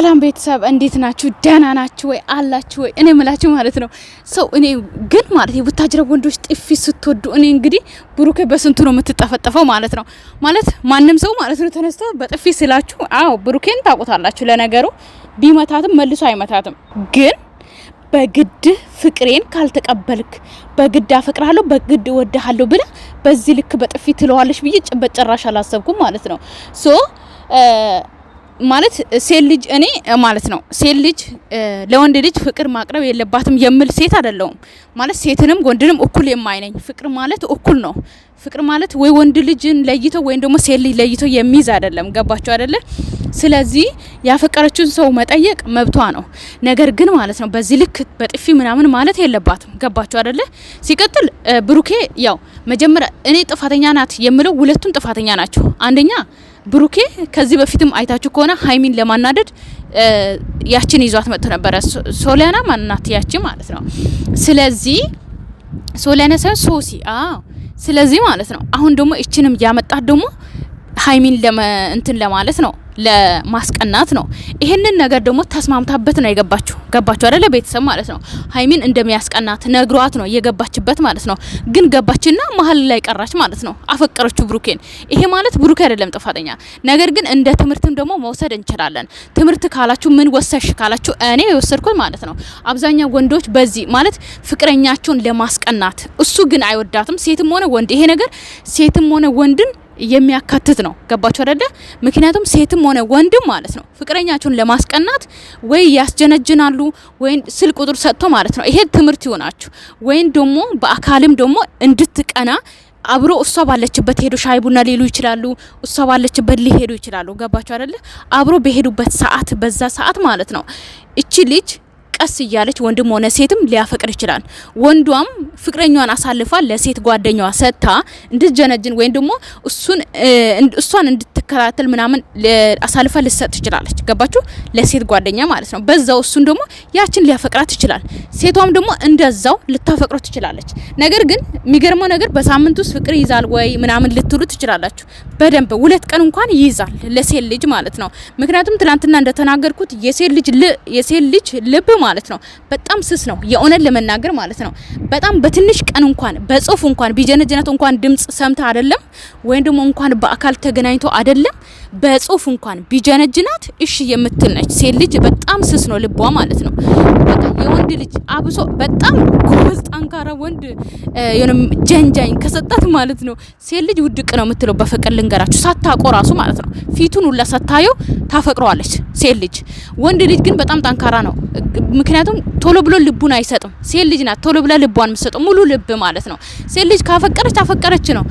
ሰላም ቤተሰብ እንዴት ናችሁ? ደህና ናችሁ ወይ? አላችሁ ወይ? እኔ ምላችሁ ማለት ነው ሰው እኔ ግን ማለት የቡታጅረ ወንዶች ጥፊ ስትወዱ እኔ እንግዲህ ብሩኬ በስንቱ ነው የምትጠፈጠፈው ማለት ነው። ማለት ማንም ሰው ማለት ነው ተነስቶ በጥፊ ስላችሁ፣ አዎ ብሩኬን ታውቁታላችሁ። ለነገሩ ቢመታትም መልሶ አይመታትም ግን በግድ ፍቅሬን ካልተቀበልክ በግድ አፈቅርሃለሁ በግድ እወድሃለሁ ብለ በዚህ ልክ በጥፊ ትለዋለሽ ብዬ በጭራሽ አላሰብኩም ማለት ነው ሶ ማለት ሴት ልጅ እኔ ማለት ነው ሴት ልጅ ለወንድ ልጅ ፍቅር ማቅረብ የለባትም የምል ሴት አይደለሁም። ማለት ሴትንም ወንድንም እኩል የማይነኝ ፍቅር ማለት እኩል ነው። ፍቅር ማለት ወይ ወንድ ልጅን ለይቶ ወይም ደግሞ ሴት ልጅ ለይቶ የሚይዝ አይደለም። ገባችሁ አይደለም ስለዚህ ያፈቀረችውን ሰው መጠየቅ መብቷ ነው። ነገር ግን ማለት ነው በዚህ ልክ በጥፊ ምናምን ማለት የለባትም። ገባችሁ አደለ? ሲቀጥል ብሩኬ ያው መጀመሪያ እኔ ጥፋተኛ ናት የምለው ሁለቱም ጥፋተኛ ናቸው። አንደኛ ብሩኬ ከዚህ በፊትም አይታችሁ ከሆነ ሀይሚን ለማናደድ ያችን ይዟት መጥቶ ነበረ። ሶሊያና ማናት ያቺ ማለት ነው። ስለዚህ ሶሊያና ሳይሆን ሶሲ። አዎ ስለዚህ ማለት ነው አሁን ደግሞ እችንም ያመጣት ደግሞ ሀይሚን እንትን ለማለት ነው ለማስቀናት ነው። ይሄንን ነገር ደግሞ ተስማምታበት ነው የገባችሁ። ገባችሁ አይደለ? ቤተሰብ ማለት ነው። ሀይሚን እንደሚያስቀናት ነግሯት ነው የገባችበት ማለት ነው። ግን ገባችና መሀል ላይ ቀራች ማለት ነው። አፈቀረችው ብሩኬን። ይሄ ማለት ብሩኬ አይደለም ጥፋተኛ። ነገር ግን እንደ ትምህርትም ደግሞ መውሰድ እንችላለን። ትምህርት ካላችሁ ምን ወሰሽ ካላችሁ እኔ የወሰድኩት ማለት ነው አብዛኛው ወንዶች በዚህ ማለት ፍቅረኛቸውን ለማስቀናት እሱ ግን አይወዳትም። ሴትም ሆነ ወንድ ይሄ ነገር ሴትም ሆነ ወንድን የሚያካትት ነው። ገባችሁ አደለ? ምክንያቱም ሴትም ሆነ ወንድም ማለት ነው ፍቅረኛቸውን ለማስቀናት ወይ ያስጀነጅናሉ ወይ ስልክ ቁጥር ሰጥቶ ማለት ነው። ይሄ ትምህርት ይሆናችሁ። ወይም ደግሞ በአካልም ደግሞ እንድትቀና አብሮ እሷ ባለችበት ሄዶ ሻይ ቡና ሊሉ ይችላሉ። እሷ ባለችበት ሊሄዱ ይችላሉ። ገባችሁ አደለ? አብሮ በሄዱበት ሰዓት በዛ ሰዓት ማለት ነው እቺ ልጅ ቀስ እያለች ወንድም ሆነ ሴትም ሊያፈቅር ይችላል። ወንዷም ፍቅረኛዋን አሳልፋ ለሴት ጓደኛዋ ሰጥታ እንድትጀነጅን ወይም ደግሞ እሱን እሷን እንድት ልትከታተል ምናምን አሳልፋ ልትሰጥ ትችላለች። ገባችሁ? ለሴት ጓደኛ ማለት ነው። በዛው እሱን ደግሞ ያችን ሊያፈቅራት ይችላል። ሴቷም ደግሞ እንደዛው ልታፈቅሮ ትችላለች። ነገር ግን የሚገርመው ነገር በሳምንት ውስጥ ፍቅር ይዛል ወይ ምናምን ልትሉ ትችላላችሁ። በደንብ ሁለት ቀን እንኳን ይይዛል ለሴት ልጅ ማለት ነው። ምክንያቱም ትናንትና እንደተናገርኩት የሴት ልጅ የሴት ልጅ ልብ ማለት ነው በጣም ስስ ነው። የእውነት ለመናገር ማለት ነው በጣም በትንሽ ቀን እንኳን በጽሁፍ እንኳን ቢጀነጀነት እንኳን ድምጽ ሰምተ አይደለም ወይም ደግሞ እንኳን በአካል ተገናኝቶ አይደለም አይደለም በጽሁፍ እንኳን ቢጀነጅናት እሺ የምትል ነች። ሴት ልጅ በጣም ስስ ነው ልቧ ማለት ነው። የወንድ ልጅ አብሶ በጣም ጎበዝ ጠንካራ ወንድ ጀንጃኝ ከሰጣት ማለት ነው ሴት ልጅ ውድቅ ነው የምትለው። በፍቅር ልንገራችሁ ሳታቆ ራሱ ማለት ነው ፊቱን ሁላ ሳታየው ታፈቅረዋለች ሴት ልጅ። ወንድ ልጅ ግን በጣም ጠንካራ ነው። ምክንያቱም ቶሎ ብሎ ልቡን አይሰጥም። ሴት ልጅ ናት ቶሎ ብላ ልቧን የምትሰጠው ሙሉ ልብ ማለት ነው። ሴት ልጅ ካፈቀረች አፈቀረች ነው።